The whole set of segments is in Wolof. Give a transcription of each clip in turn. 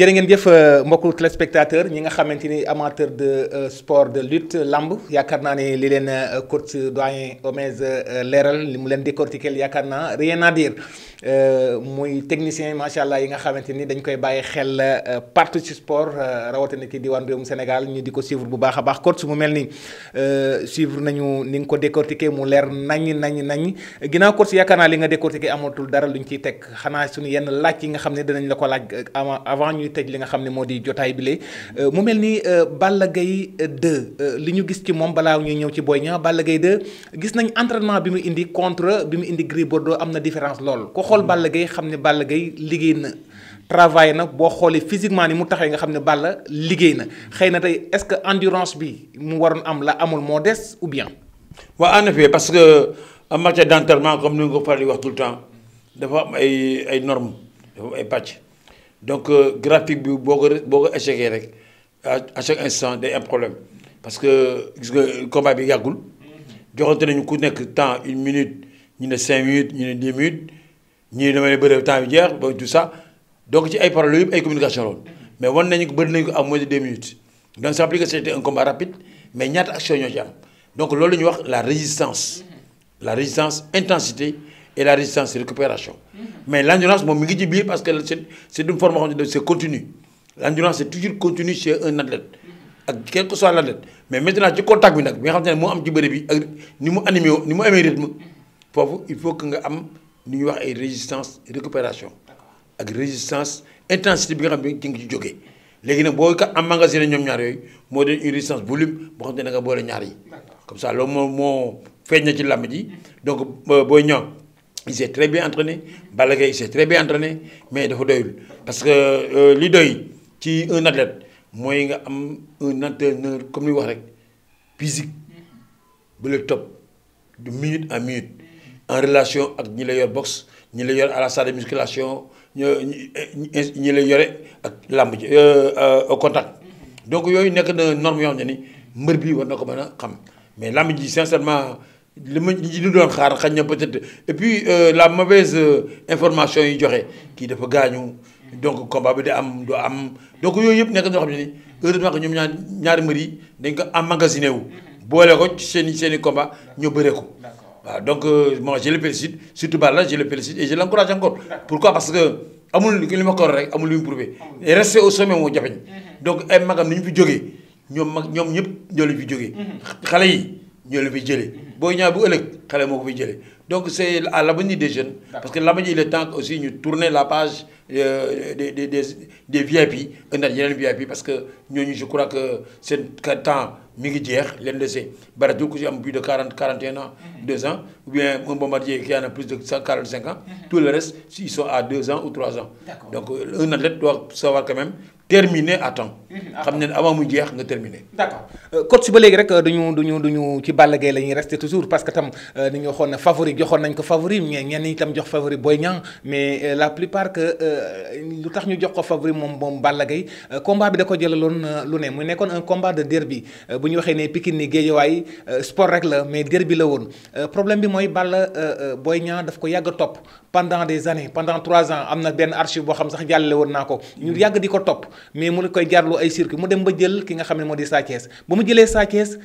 jërë ngeen jëf euh, mbokku téléspectateur ñi nga xamante ni amateur de euh, sport de lutte lamb yaakaar naa ni li leen euh, coach doyen Omez leeral li mu leen décortiquer yaakaar naa rien à dire. Euh, muy technicien macha allah yi nga xamante ni dañ koy bàyyi xel euh, partout ci sport euh, rawatina ci bi réewum Sénégal ñu di ko suivre bu baax a baax su mu mel ni suivre nañu ni nga ko décortiqué mu leer nañ nañ nañ ginnaaw coach yaakaar naa li nga décortiqué amatul dara ñu ciy teg xanaa suñu yenn laaj yi nga xam ne dinañ la ko laaj avant ñuy tëj li nga xam ne moo di jotaay bi mu mel ni Balla Gaye de li ñu gis ci moom balaa ñuy ñëw ci Boy Niang Balla Gaye 2 gis nañ entraînement bi mu indi contre bi mu indi Gris am na différence lool xool Balla Gaye xam ne Balla Gaye liggéey na travail na boo xoolee physiquement ni mu taxawee nga xam ne Balla liggéey na xëy na tey est-ce que endurance bi mu waroon am la amul moo des ou bien. waaw en effet parce que en matière d'entraînement comme ni nga ko faral wax tout le temps dafa am ay ay normes dafa am ay pàcc donc euh, graphique bi boo ko boo ko échecgee rek a chaque instant day am problème parce que gis nga combat bi yàggul joxante nañu ku nekk temps une minute ñu ne cinq ñu damay bëre temps bi jeex ba tout ça donc ci ay paroles yëpp ay communication loolu mais wan nañu ko nañu ko am moins la ñuy wax la résistance la résistance intensité et la résistance récupération mais l'endurance mi ngi ci biir parce que c'est c'est une forme xam ne c'est continu l'endurance c'est toujours continu chez un athlète ak quel que soit l'athlète mais maintenant ci contact bi nag bi nga xam ne moo am ci bëri bi ak ni mu animé ni mu amee rythme foofu il faut que nga am nu ñuy wax ay résistance récupération ak résistance intensité bi nga xam ne di nga ci jógee léegi nag boo am ko emmagasiné ñoom ñaar yooyu moo doon une résistance volume boo xam ne da boole ñaar yi comme ça loolu moo moo feeñ na ci làmb ji donc Boy Niang il s'est très bien entraîné Balla Gaye il s'est très bien entraîné mais dafa doyul parce que euh, li doy ci un athlète mooy nga am un entraîneur comme ni wax rek physique ba le top de minute à minute en relation ak ñi la yor boxe ñi la yor à la salle de musculation ñi la yore ak làmb ji euh, euh, au contact. donc yooyu nekk na norme yoo xam ne ni mbër bi war na ko mën a xam mais làmb ji sincèrement li ma li ñu doon xaar xañ na peut-être et euh, la mauvaise information yi joxe kii dafa gaañu. donc combat bi di am am donc yooyu yëpp nekk na ni heureusement que ñoom ñaar ñaari mbër yi dañ ko emmagasiné wu. Mm-hmm. boole ko ci seen i seen i combat ñu bëree ko. waaw donc a euh, je le félicite surtout Balla je le félicite a je a encourage encore. pourquoi parce que amul li ma ko rek amul lu mu prouvé. rester au sommet moo jafeñ mhm. donc ay magam ni ñu fi jógee ñoom mag ñoom ñëpp ñoo leen fi jógee. Mhm. xale yi ñoo leen fi jëlee. Mhm. booy ñaar bu ëllëg xale moo ko fi jëlee donc c' est à l'avenir des jeunes. parce que l'avenir il est temps aussi ñu tourner la page. Euh, des des des VIP ëndaat yeneen VIP parce que ñooñu je crois que seen temps mi ngi jeex leen dese bari du ko si am plus de quarante quarante et mhm. deux ans ou bien un bombardier qui en a plus de quarante cinq ans. Mhm. tout le reste ils sont à deux ans ou trois ans. donc euh, un athlète doit savoir quand même. terminer à temps. Mhm, xam ne avant mu jeex nga terminer. d' accord euh, ba léegi rek duñu duñu duñu ci Balla Gaye la ñuy toujours parce que tam ni nga waxoon ne favori lu tax ñu jox ko favori moom moom Balla Gaye euh, combat bi da ko jëlaloon euh, lu ne mu nekkoon un de derby euh, bu ñu waxee ne Pikine ni Guédiawaye sport rek la mais derby la woon problème bi mooy Balla Boy Niang daf ko yàgg topp pendant des années pendant trois ans am na benn archive boo xam sax jàllale woon naa ko ñu yàgg di ko topp mais mu koy jaarloo ay circuit mu dem ba jël ki nga xam ne moo di Sa Thiès ba mu jëlee Sa Thiès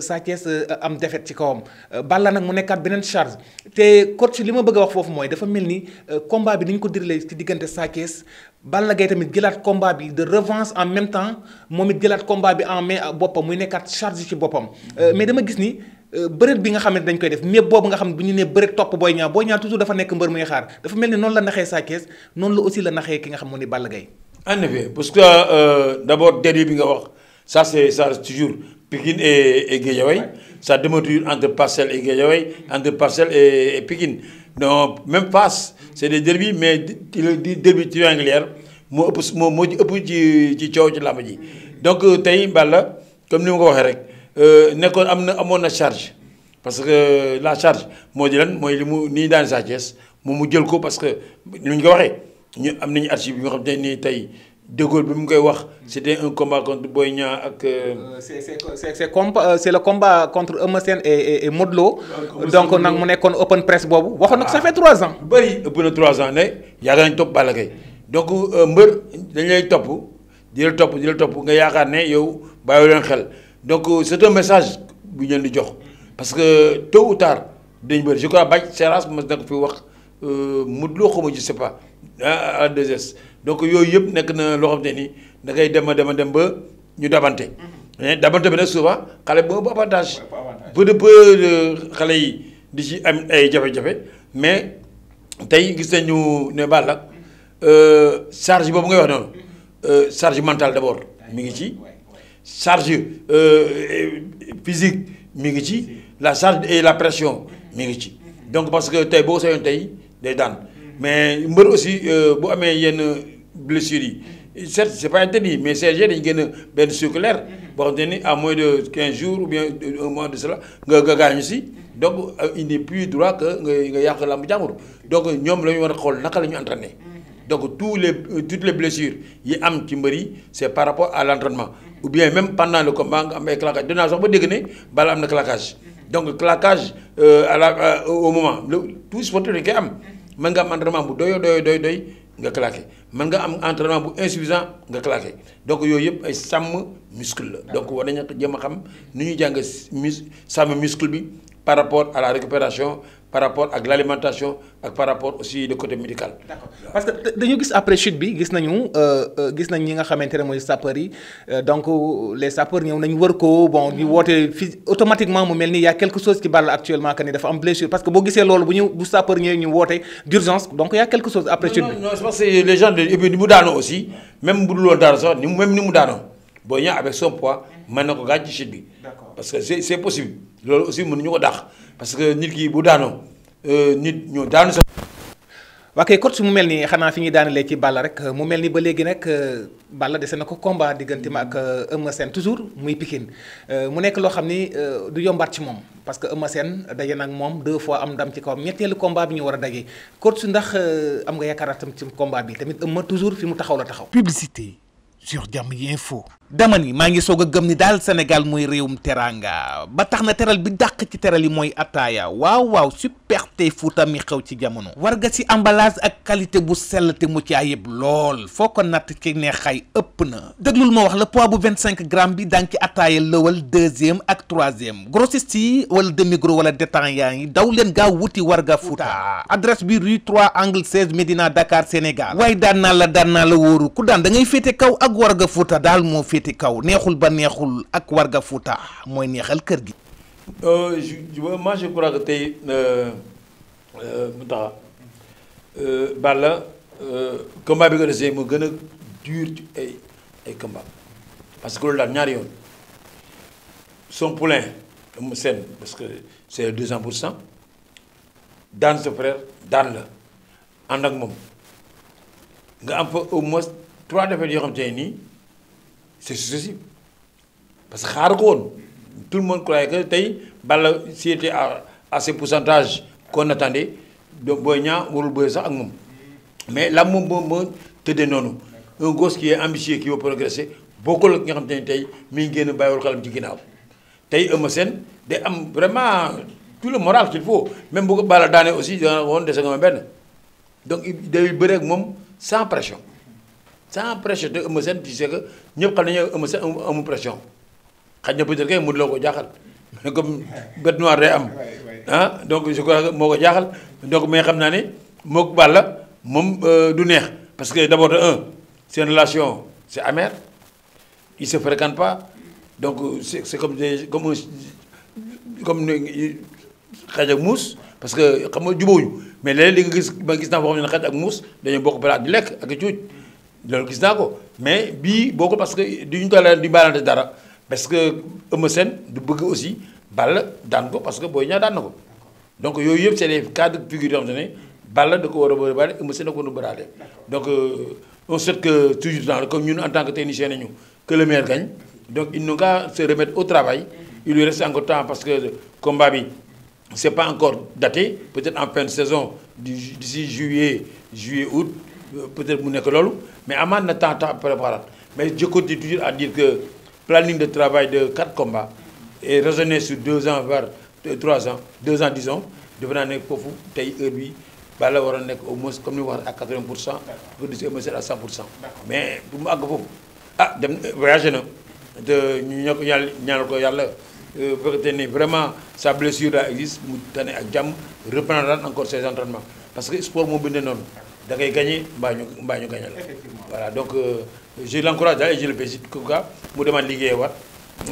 Sa Thiès am défaite ci kawam Balla nag mu nekkaat beneen charge te a wax mooy dafa mel ni diggante Sa Thiès Balla Gaye tamit jëlaat combat bi de revanche en même temps moom it jëlaat combat bi en main boppam muy nekkaat charge ci boppam euh, mais dama gis ni euh, bëreet bi nga xam ne dañ koy def mais boobu nga xam ne bu ñu nee bëreet topp Boy Niang Boy Niang toujours dafa nekk mbër muy xaar dafa mel ni noonu la naxee Sa Thiès noonu la aussi la naxee ki nga xam moo ni Balla Gaye en effet parce que euh, d'abord dernier bi nga wax ça c'est ça toujours Pikine et, et Guédiawaye ça demeure toujours entre Parcelles et Guédiawaye entre Parcelles et, et Pikine non même face c' est des derby mais di derby triangulaire moo ëpp moo moo ëpp ci ci coow ci làmb ji donc euh, tey Balla comme ni ma ko waxee rek euh, nekkoon am na amoon na charge parce que euh, la charge moo di lan mooy li mu nii daan Sa Thiès moom mu jël ko parce que ni ñu ko waxee ñu am nañu archive bi nga xam te ni tey. De Gaulle bi mu koy wax c'était un combat contre Boy Niang ak. Euh, euh, c'est c'est c'est combat euh, combat contre Eumeu Sène et et donc nag mu nekkoon open press boobu. waxoon na ko ça fait trois ans. Ah, bëri ëpp na trois ans ne yàgg nañ topp Balla Gaye donc mbër dañ lay topp di la topp di la topp nga yaakaar ne yow bàyyi leen xel donc c'est un message bu ñu di jox parce que tôt ou tard dañ bëri je crois Bac Seras mas na ko fi wax Modou Lo xaw ma je à ah, 2 ah, donc yooyu yëpp nekk na loo xam ne ni da ngay dem a dem a dem ba ñu dabante. mais mhm. eh, dabante bi nag souvent xale boobu avantage. peu de peu de xale yi di ci am ay jafe-jafe mais tey gis nañu ne Balla euh, charge boobu ngay wax noonu euh, charge mentale d'abord mi ngi ci charge euh, physique mi ngi ci la charge et la pression mhm. mi ngi ci mhm. donc parce que tey boo sañoon tey day daan. mais mbër aussi euh, bu amee yenn blessures yi. certes c'est pas interdit mais CRG dañu gën a benn circulaire boo xam te ni à moins de 15 jours ou bien un mois de cela nga nga gaañu si donc euh, il n'est plus droit que nga nga yàq làmb jàmbur donc ñoom la ñu war a xool naka la ñu entraîner donc tous les euh, toutes les blessures yi am ci mbër yi c'est par rapport à l'entraînement ou bien même pendant le combat nga am ay claquage dinaa sax ba dégg à la au moment tout sportif man nga am entraînement bu doyoo doyoo doy doy nga claqué man nga am entraînement bu insuffisant nga claqué donc yooyu yëpp ay sàmm muscle la. donc war nañu jëm a xam nu ñuy jàng mus sàmm muscle bi par rapport à la récupération par rapport ak l'alimentation ak par rapport aussi de côté médical. d'accord parce que dañu gis après chute bi gis nañu euh, euh, gis nañ ñi nga xamante ne mooy sapeurs yi euh, donc les sapeurs ñëw nañu wër ko bon ñu woote fii automatiquement mu mel ni y a quelque chose qui Balla actuellement que ni dafa am blessure parce que boo gisee loolu bu ñu bu sapeurs ñëwee ñu woote d'urgence donc y a quelque chose après chute bi. non non je pense que ni mu daanoo aussi même bu dul woon sax ni même loolu aussi mënuñu ko dàq parce que nit ki bu daanoo euh, nit ñoo daanu sa. waa kay coach mu mel ni xanaa fi ñuy daanelee ci Balla rek mu mel ni ba léegi nag euh, Balla dese na ko combat diggante ma ak euh, Eumeu Sène toujours muy Pikine mu nekk loo xam ni du yombaat ci moom parce que Eumeu Sène daje nag moom deux fois am ndam ci kawam ñetteelu combat bi ñu war a daje coach ndax am nga yaakaar tam ci combat bi tamit Eumeu toujours fi mu taxaw la taxaw. publicité sur Jamm ji info. dama ni maa ngi soog a gëm ni daal Sénégal mooy réewum teraanga ba tax na teral bi dàq ci teral yi mooy ataaya waaw waaw tey Fuuta mi xew ci jamono war nga si emballage ak qualité bu sell te mu ci ayib lool foo ko natt ci neexaay ëpp na déglul ma wax la pois bu vingt cinq grammes bi daan ci ataaya lëwal deuxième ak troisième grossiste yi wala demi-gros wala détaillant yaa ngi daw leen gaaw wuti warga Fuuta adresse bi rue 3 angle 16 Médina Sénégal waaye daan naa la daan naa la wóoru ku daan da ngay féete kaw ak warga Fuuta daal moo fi féete kaw neexul ba neexul ak warga Fouta mooy neexal kër gi. Euh, je moi tey euh, euh, mu tax Balla combat bi nga desee moo gën a dur ay ay parce que loolu daal ñaari yoon son poulain mu seen parce que c'est 200 pour cent daan sa frère daan la ànd ak moom nga am fa au moins trois défaites yoo xam te nii. c'est ceci parce que xaar ko woon tout le monde croyait que tey Balla si était à à ce pourcentage qu'on attendait donc Boy warul bëri sax ak moom mais la moom moo moo tëddee noonu un gosse qui est ambitieux qui veut progresser bokkul ak nga xam te ne tey mi ngi génn bàyyiwul xelam ci ginnaaw tey Eumeu Sène day am vraiment tout le moral qu'il faut même bu ko Balla daanee aussi dana woon dese nga ma benn donc day bëri ak moom sans pression. sans pression te Eumeu Sène tu sais que ñëpp xam nañu Eumeu Sène amul pression xaj na peut kay Modou Lo ko jaaxal mais comme bête noire day ah, moo ko jaaxal donc mais xam naa ne mook Balla moom euh, du neex parce que d'abord un seen relation c'est amer ils se fréquentent pas donc euh, c'est comme des comme comme xaj ak muus parce que xam nga jubóowuñu mais léeg li nga gis ba gis naa foo xam ne xaj ak muus dañoo bokk balaa di lekk ak cuuj loolu gis naa ko mais bii boo ko parce que du duñu dooleel di baalante dara parce que Eumeu Sène du bëgg aussi Balla daan ko parce que Boy Niang daan na ko donc yooyu yëpp c'est les cas de figure yoo xam te ne Balla da ko war a bëraale Eumeu Sène da ko war a bëraale donc euh, on souhaite que toujours dans comme ñun en tant que technicien nañu que le meilleur gagne donc il nous qu'à se temps parce que combat bi c'est pas encore daté peut-être en fin de saison d'ici juillet juillet août peut-être mu nekk loolu mais amaat na temps temps préparat mais je continue toujours a dire que planning de travail de quatre combats et raisonner sur deux ans voire trois ans deux ans disons defe naa nekk foofu tey heure bi bala waroon nekk au moins comme ni wax à 80 pour cent reducé au moins à 100 pour cent mais bu mu àgg foofu ah dem voyagé na te ñu ñoo ko ñaal ñaanal ko yàlla bu fekkee ne vraiment sa blessure là existe mu tane ak jàmm reprendre encore ses entraînements parce que sport moo bindee noonu da ngay gagné mbaa ñu mbaa ñu gagné la. voilà donc euh, je l'encourage daal et je le félicite en tout mu demaat liggéey waat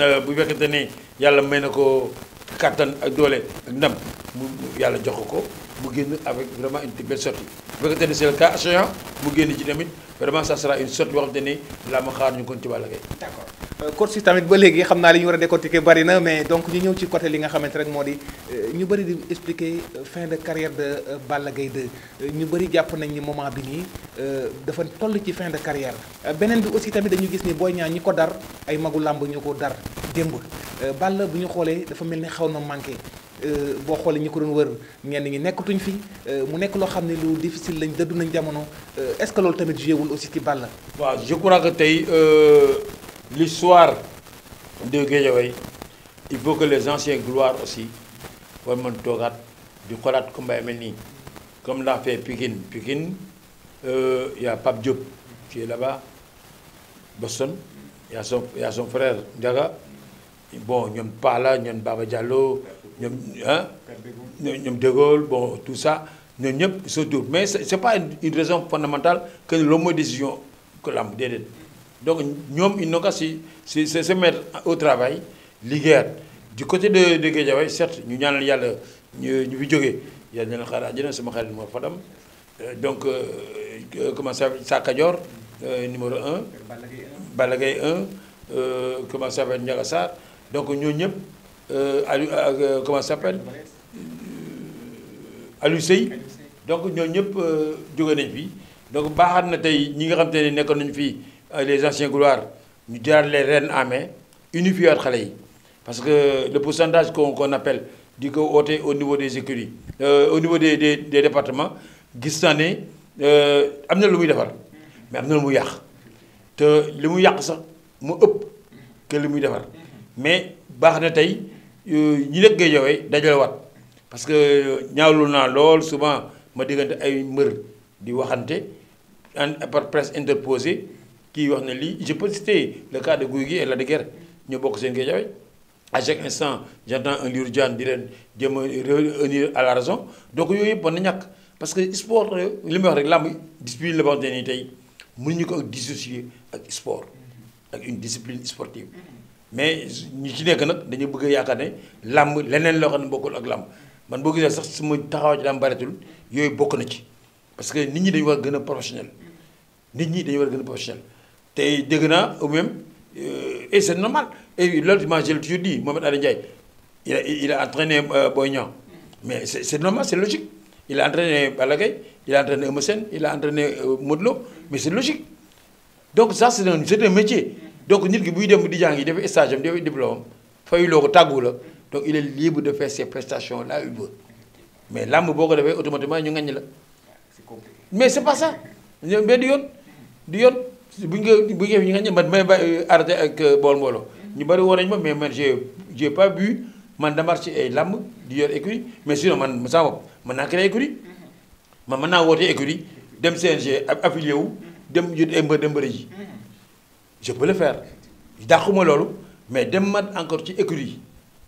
euh, bu fekkente ni yàlla may na ko kattan ak doole ak ndam mu yàlla jox ko mu génn avec vraiment une belle sortie bu fekkente ni c'est le cas mu génn ci tamit vraiment ça sera une sortie boo xam te ni laa ma xaar ñu kon ci Balla Euh, coach yi tamit ba léegi xam naa li ñu war a décortiquer bari na mais donc ñu ñëw ci côté li nga xamante rek moo di euh, ñu bari di expliquer euh, fin de carrière de Balla Gaye 2 ñu bëri jàpp nañ ni moment bi nii dafa toll ci fin de carrière beneen bi aussi tamit dañu gis ni Boy Niang ñi ko dar ay magu làmb ñu ko dar démb Balla bu ñu xoolee dafa mel ni xaw na manqué boo xoolee ñu ko doon wër ngeen ñi nekkatuñ fi mu nekk loo xam ne lu difficile lañ dëddu nañ jamono est-ce que tamit joué wul aussi ci Balla. waaw je crois que tey. l'histoire de Guédiawaye il faut que les anciennes gloires aussi war mën toogaat di xoolaat combat yi mel nii comme l'a fait Pikine Pikine euh, y a Pape Diop qui est là-bas Boston y son y son frère Ndiaga bon ñoom Pala ñoom Baba Diallo ñoom ah ñoom De bon tout ça ñoom ñëpp se tour mais c'est pas une raison fondamentale que loolu mooy décision que lamb déedéet donc ñoom ils n'ont qu'à si si se mettre au travail liggéeyaat du côté de de Guédiawaye certes ñu ñaanal yàlla ñu ñu fi jógee yàlla ñaanal xaaral àjjana sama xarit moo fa dem euh, donc euh, euh, comment ça Sa Kajoor numéro 1. Balla Gaye 1 comment ça donc ñoo ñëpp Aliou comment donc ñoo ñëpp jóge nañ fi donc baaxaat na tey ñi nga xam te ne nekkoon nañu fii. Euh, les anciens gloires ñu jaar les rênes en main unifier xale yi parce que le pourcentage qu'on qu'on appelle di ko oote au niveau des écuries euh, au niveau des des, des départements gis naa ne euh, am na lu muy defar mais am na lu muy yàq te li mu yàq sax mu ëpp que li muy defar mais baax na tey euh, ñi nekk ngay jowee dajale parce que ñaawlu naa lool souvent ma diggante ay mbër di waxante en par presse interposée kii wax ne lii je peux citer le cas de Gouye Gui et Lac de Guiers ñoo bokk seen Guédiawaye à chaque instant j'entends un Lirou Diane di leen jëm a la raison donc yooyu yëpp mën na ñakk parce que sport li may wax rek làmb discipline la boo xam ne tey mënuñu ko ak dissocier ak sport ak une discipline sportive mais ñi ci nekk nag dañu bëgg a yaakaar ne làmb leneen loo xam ne bokkul ak làmb man boo gisee sax su ma taxaw ci làmb bareetul yooyu bokk na ci parce que nit ñi dañu war gën a professionnel nit ñi dañu war gën te dégg naa au même euh, et c'est normal et loolu man je l'ai toujours dit Mohamed Adé Ndiaye il a il a entraîné euh, Boy Niang mais c'est c'est normal c'est logique il a entraîné Balla Gaye il a entraîné Eumeu Sène il a entraîné euh, Modou Lô mais c'est logique donc ça c'est un métier donc nit ki buy dem di jàng yi def stage am def diplôme am ko tàggu la donc il est libre de faire ses prestations là il mais làmb boo ko defee automatiquement ñu ngañ la mais c'est pas buñ ko bu ñu nga xam ne man may euh, arrêté ak euh, bool mbooloo ñu bëri woon nañ ma mais man j'ai j'ai pas bu man dama ci ay làmb di yor écurie mais sinon man sama bopp mën naa créé écurie man mën naa woote écurie dem CNG affilié wu dem jënd ay mbër dem bëri ji je peux le faire dàquma loolu mais dem man encore ci écurie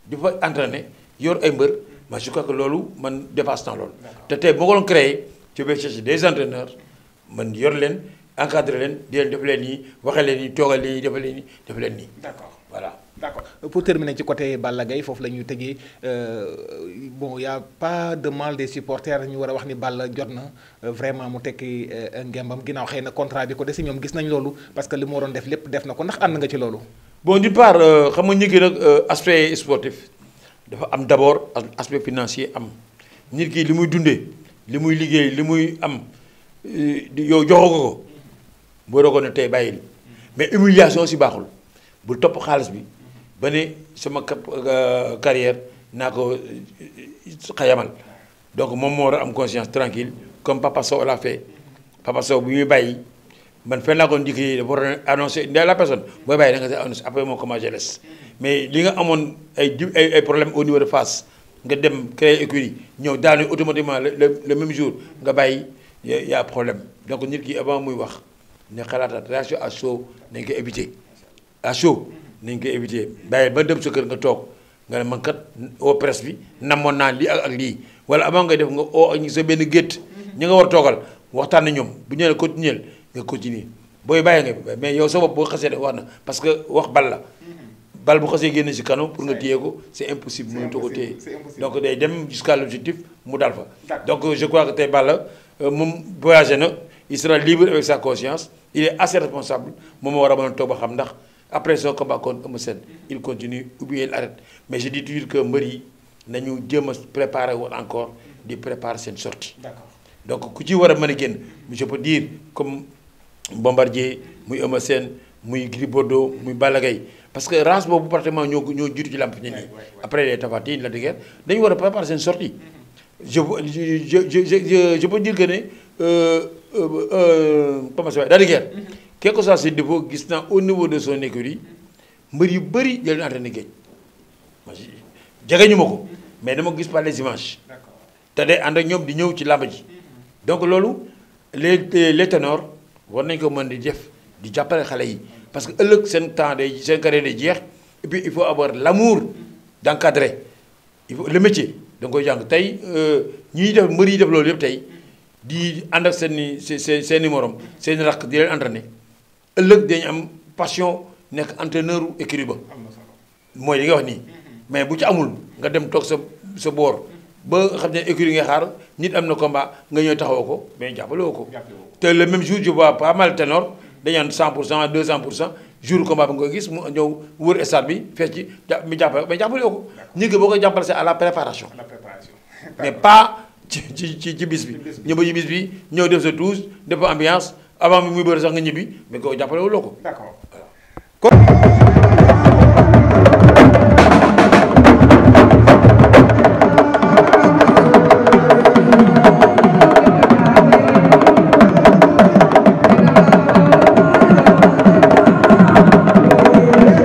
di fa entraîner yor ay mbër ma je crois que loolu man dépasse na loolu. te tey boo ko doon créé ci des entraîneurs man yor leen. encadré leen di leen def leen nii waxee leen nii toogal leen nii defal leen nii def leen nii. d'accord voilà. d'accord pour terminer ci côté Balla Gaye foofu la ñuy tëjee euh, bon y' a pas de mal des supporters ñu war a wax ni Balla jot na euh, vraiment mu tekki euh, ngembam ginnaaw xëy na contrat bi ko desi ñoom gis nañ loolu parce que li mu waroon def lépp def na ko ndax ànd nga ci loolu. bon d'une part xam nga ñu nag aspect sportif dafa am d'abord aspect financier am nit ki li muy dundee li muy liggéey li muy am yow joxoo ko ko. boo dogoon ne tey bàyyi mais humiliation si baaxul bul topp xaalis bi ba ne sama carrière naa ko xayamal donc moom moo war a am conscience tranquille comme Papa Sow l'a fait Papa Sow bu ñuy bàyyi man fenn laa ko njëkkee dafa war a annoncé ndax la personne booy bàyyi da nga sa annoncé après moo commencé les mais li nga amoon ay di ay problème au niveau de Fass nga dem créer écurie ñëw daanu automatiquement le le même jour nga bàyyi y' a problème donc nit ki avant muy wax. ne xalaataat réaction à chaud nañ ko éviter à chaud nañ ko éviter bàyyi ba dem sa kër nga toog nga ne man au presse bi namoon naa lii ak ak lii wala avant ngay def nga oo ak benn gétt ñi nga war toogal waxtaan na ñoom bu ñu nee continuer nga continuer booy bàyyi nga mais yow sa bopp boo xasee wax na parce que wax bal la. bal bu xasee génn si kanam pour nga téye ko c' est impossible mënut ko téye donc day dem jusqu'à l'objectif mu dal fa. donc je que tey Balla euh, moom voyagé na. il sera libre avec sa conscience il est assez responsable moom moo war a mën a toog ba xam ndax après son combat contre Eumeu Sène il continue ou bien il arrête mais je dis toujours que mbër yi nañu jéem a préparer woon encore di préparer seen sorti donc ku ci war a mën a génn je peux dire comme Bombardier muy Eumeu Sène muy Gris Bordeaux muy Balla parce que race boobu pratiquement ñoo ñoo jiitu ci làmp ñi nii après les Tapha la dëgër dañu war a préparer seen sortie mm-hmm. Euh, euh, comment ça va daal di guerre quel que gis naa au niveau de son écurie mbër yu bëri jël ñu entraîné géej ma ko mais dama gis par les images te day ànd ak ñoom di ñëw ci làmb ji donc loolu les les ténors war nañ ko mën di def di jàppale xale yi parce que ëllëg seen temps day seen carrière day jeex et il faut avoir l'amour d'encadrer il faut le métier da nga koy jàng tey euh, ñuy def mbër yi def loolu yëpp tey di ak seen i seen seen i morom seen i raq di leen am passion nekk entraîneur u écurie ba mooy li nga wax nii mhm. mais bu ci amul nga dem toog sa sa boor ba nga xam ne nga xaar nit am na combat nga ñëw taxawoo ko mais jàppale woo ko. te le même jour je vois pas mal ténor dañu am cent 200 pour cent jour combat bi nga gis mu ñëw wër stade bi fees ci ja mi jàppale mais jàppale woo ko. nit ki boo ko jàppale c'est à la préparation. à la préparation mais pas. ci ci ci bis bi ñëw ci bis bi ñëw def sa tuus def ambiance avant bi muy bëri sax nga ñibbi mais ko jàppale wu loo ko. d'accord.